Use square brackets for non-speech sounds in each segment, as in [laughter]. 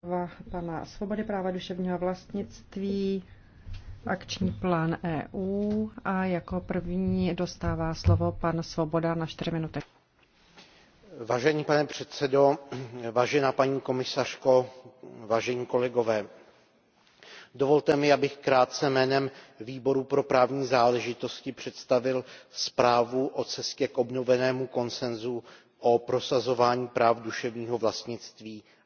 práva, pana svobody práva duševního vlastnictví, akční plán EU a jako první dostává slovo pan Svoboda na 4 minuty. Vážený pane předsedo, vážená paní komisařko, vážení kolegové, dovolte mi, abych krátce jménem Výboru pro právní záležitosti představil zprávu o cestě k obnovenému konsenzu o prosazování práv duševního vlastnictví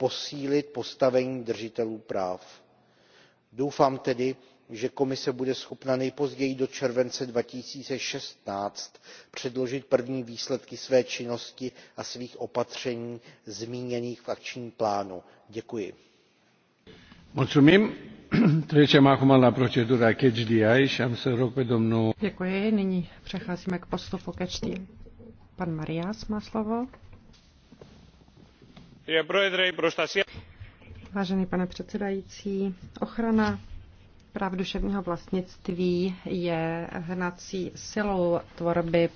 posílit postavení držitelů práv. doufám tedy že komise bude schopna nejpozději do července two thousand and sixteen předložit první výsledky své činnosti a svých opatření zmíněných v akčním plánu. děkuji. [clears throat] Děkuji. nyní přecházíme k postupu catch the eye. pan má slovo. Vážený pane předsedající, ochrana práv duševního vlastnictví je hnací silou tvorby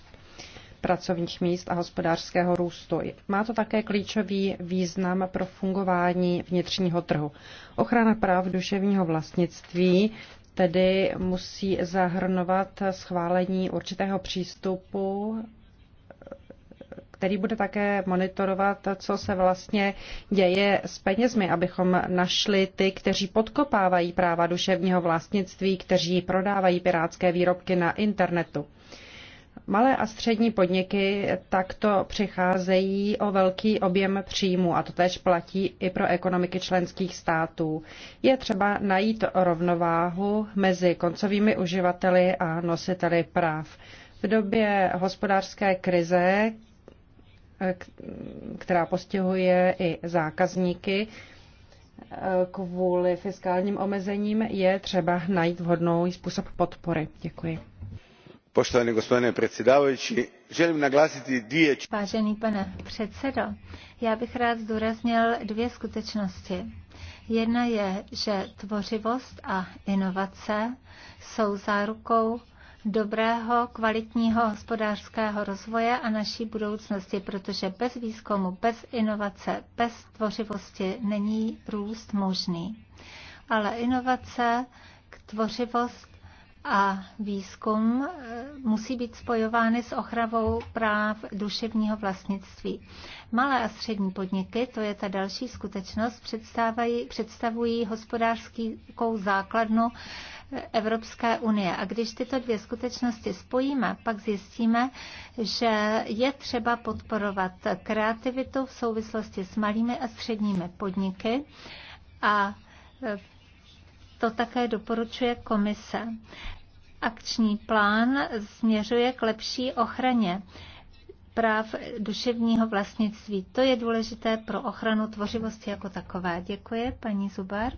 pracovních míst a hospodářského růstu. Má to také klíčový význam pro fungování vnitřního trhu. Ochrana práv duševního vlastnictví tedy musí zahrnovat schválení určitého přístupu který bude také monitorovat, co se vlastně děje s penězmi, abychom našli ty, kteří podkopávají práva duševního vlastnictví, kteří prodávají pirátské výrobky na internetu. Malé a střední podniky takto přicházejí o velký objem příjmu a to tež platí i pro ekonomiky členských států. Je třeba najít rovnováhu mezi koncovými uživateli a nositeli práv. V době hospodářské krize, Eh, která postihuje i zákazníky eh, kvůli fiskálním omezením, je třeba najít vhodnou způsob podpory. Děkuji. Poštovani gospodine predsjedavajući, želim naglasiti dvije... Vážený pane předsedo, já bych rád zdůraznil dvě skutečnosti. Jedna je, že tvořivost a inovace jsou zárukou dobrého, kvalitního hospodářského rozvoje a naší budoucnosti, protože bez výzkumu, bez inovace, bez tvořivosti není růst možný. Ale inovace, tvořivost a výzkum eh, musí být spojovány s ochravou práv duševního vlastnictví. Malé a střední podniky, to je ta další skutečnost, představují hospodářskou základnu Evropské unie. A když tyto dvě skutečnosti spojíme, pak zjistíme, že je třeba podporovat kreativitu v souvislosti s malými a středními podniky a e, to také doporučuje komise. Akční plán směřuje k lepší ochraně práv duševního vlastnictví. To je důležité pro ochranu tvořivosti jako takové. Děkuji, paní Zubar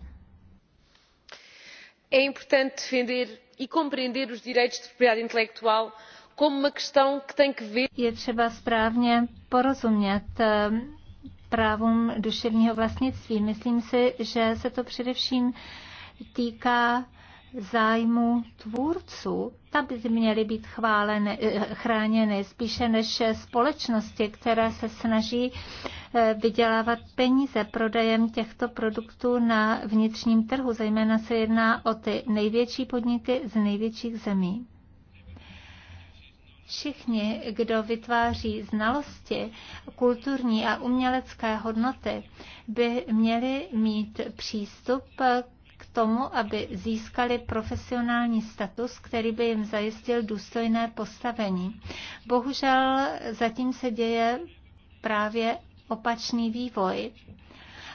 é importante defender e compreender os direitos de propriedade intelectual como uma questão que tem que ver. Je třeba správně porozumět eh, právům duševního vlastnictví. Myslím si, že se to především týká zájmu tvůrců, ta by měly být eh, chráněny spíše než společnosti, které se snaží Eh, vydělávat peníze prodejem těchto produktů na vnitřním trhu. Zejména se jedná o ty největší podniky z největších zemí. Všichni, kdo vytváří znalosti, kulturní a umělecké hodnoty, by měli mít přístup k tomu, aby získali profesionální status, který by jim zajistil důstojné postavení. Bohužel zatím se děje právě opačný vývoj.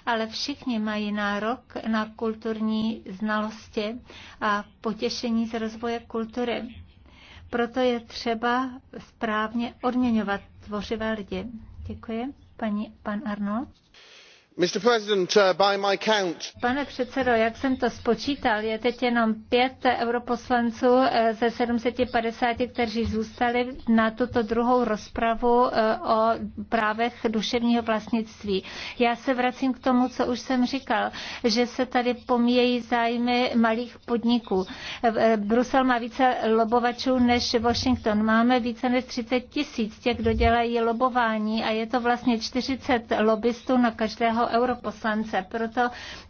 Ale všichni mají nárok na kulturní znalosti a potěšení z rozvoje kultury. Proto je třeba správně odměňovat tvořivé lidi. Děkuji. Paní, pan Arnold. Uh, Pane předsedo, jak jsem to spočítal, je teď jenom pět europoslanců eh, ze 750, kteří zůstali na tuto druhou rozpravu eh, o právech duševního vlastnictví. Já se vracím k tomu, co už jsem říkal, že se tady pomíjejí zájmy malých podniků. Eh, Brusel má více lobovačů než Washington. Máme více než 30 tisíc těch, kdo dělají lobování a je to vlastně 40 lobbystů na každého jednoho europoslance. Proto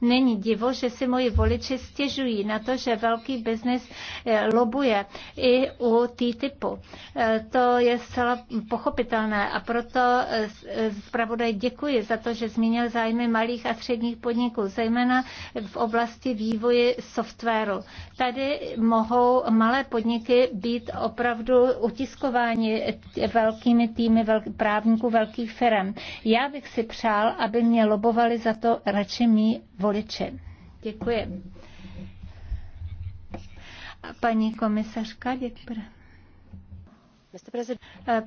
není divo, že si moji voliči stěžují na to, že velký biznis eh, lobuje i u TTIPu. Eh, to je zcela pochopitelné a proto eh, zpravodaj děkuji za to, že zmínil zájmy malých a středních podniků, zejména v oblasti vývoje softwaru. Tady mohou malé podniky být opravdu utiskováni velkými týmy velk- právníků velkých firm. Já bych si přál, aby mě lobby lobovali za to radši mý voliči. Děkuji. A paní komisařka, děkuji.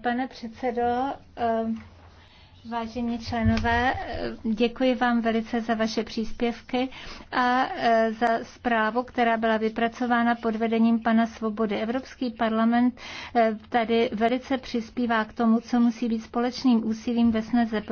Pane předsedo, eh, Vážení členové, děkuji vám velice za vaše příspěvky a e, za zprávu, která byla vypracována pod vedením pana Svobody. Evropský parlament e, tady velice přispívá k tomu, co musí být společným úsilím ve snaze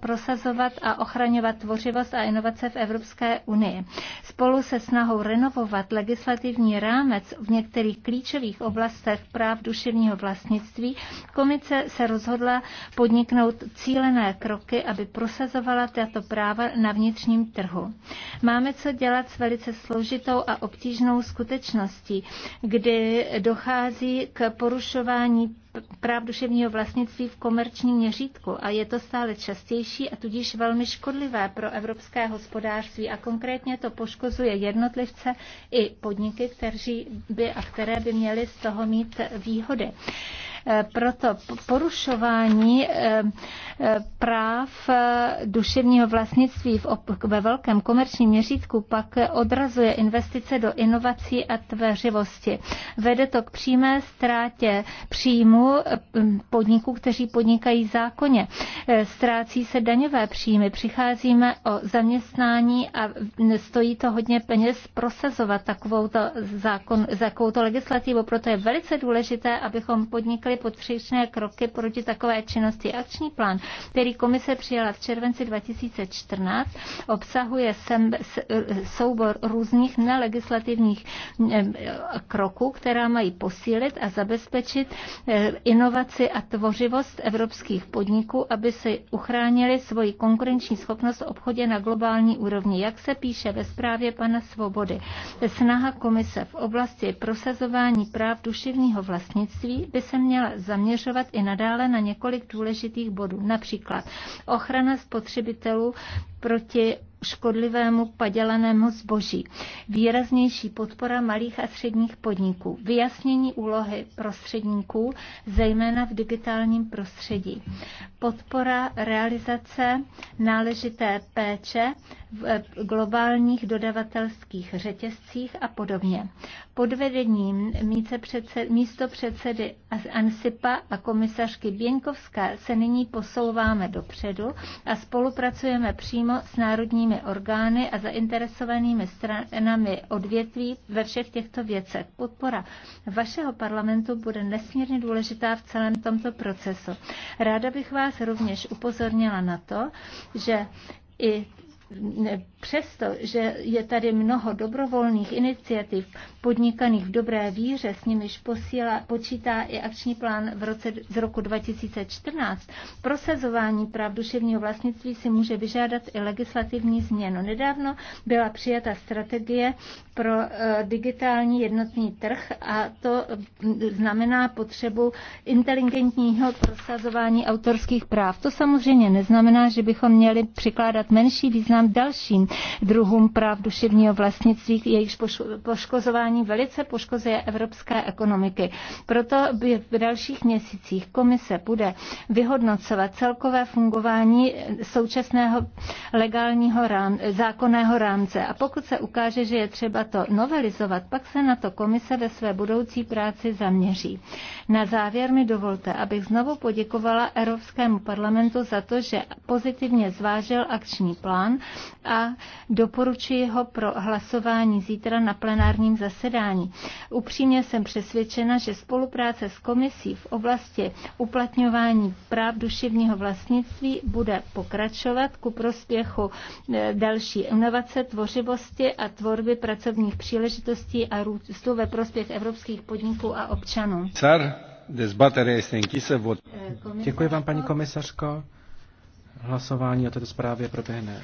prosazovat a ochraňovat tvořivost a inovace v Evropské unii. Spolu se snahou renovovat legislativní rámec v některých klíčových oblastech práv duševního vlastnictví, komice se rozhodla podniknout cílené podstatné kroky, aby prosazovala tato práva na vnitřním trhu. Máme co dělat s velice složitou a obtížnou skutečností, kdy dochází k porušování práv duševního vlastnictví v komerčním měřítku a je to stále častější a tudíž velmi škodlivé pro evropské hospodářství a konkrétně to poškozuje jednotlivce i podniky, kteří by a které by měly z toho mít výhody. Eh, proto porušování eh, eh, práv duševního vlastnictví ve velkém komerčním měřítku pak odrazuje investice do inovací a tvořivosti. Vede to k přímé ztrátě příjmu podniků, kteří podnikají zákonně. Ztrácí se daňové příjmy, přicházíme o zaměstnání a stojí to hodně peněz prosazovat takovouto, zákon, takovouto legislativu. Proto je velice důležité, abychom podnikli podnikly potřebné kroky proti takové činnosti. Akční plán, který komise přijala v červenci 2014, obsahuje sem, soubor různých nelegislativních kroků, která mají posílit a zabezpečit eh, inovaci a tvořivost evropských podniků, aby si uchránili svoji konkurenční schopnost v obchodě na globální úrovni. Jak se píše ve zprávě pana Svobody, snaha komise v oblasti prosazování práv duševního vlastnictví by se měla měla zaměřovat i nadále na několik důležitých bodů, například ochrana spotřebitelů proti škodlivému padělanému zboží, výraznější podpora malých a středních podniků, vyjasnění úlohy prostředníků, zejména v digitálním prostředí, podpora realizace náležité péče v eh, globálních dodavatelských řetězcích a podobně. Pod vedením místo předsedy ANSIPA a komisařky Běňkovské se nyní posouváme dopředu a spolupracujeme přímo přímo s národními orgány a zainteresovanými stranami odvětví ve všech těchto věcech. Podpora vašeho parlamentu bude nesmírně důležitá v celém tomto procesu. Ráda bych vás rovněž upozornila na to, že i Přesto, že je tady mnoho dobrovolných iniciativ podnikaných v dobré víře, s nimiž posíla, počítá i akční plán v roce, z roku 2014, prosazování práv duševního vlastnictví si může vyžádat i legislativní změnu. Nedávno byla přijata strategie pro eh, digitální jednotný trh a to hm, znamená potřebu inteligentního prosazování autorských práv. To samozřejmě neznamená, že bychom měli přikládat menší význam nám dalším druhům práv duševního vlastnictví, jejichž poškozování velice poškozuje evropské ekonomiky. Proto v dalších měsících komise bude vyhodnocovat celkové fungování současného legálního rám, zákonného rámce. A pokud se ukáže, že je třeba to novelizovat, pak se na to komise ve své budoucí práci zaměří. Na závěr mi dovolte, abych znovu poděkovala Evropskému parlamentu za to, že pozitivně zvážil akční plán a doporučuji ho pro hlasování zítra na plenárním zasedání. Upřímně jsem přesvědčena, že spolupráce s komisí v oblasti uplatňování práv duševního vlastnictví bude pokračovat ku prospěchu e, další inovace, tvořivosti a tvorby pracovních příležitostí a růstu ve prospěch evropských podniků a občanů. Car, e, Děkuji vám, paní komisařko. Hlasování o této zprávě proběhne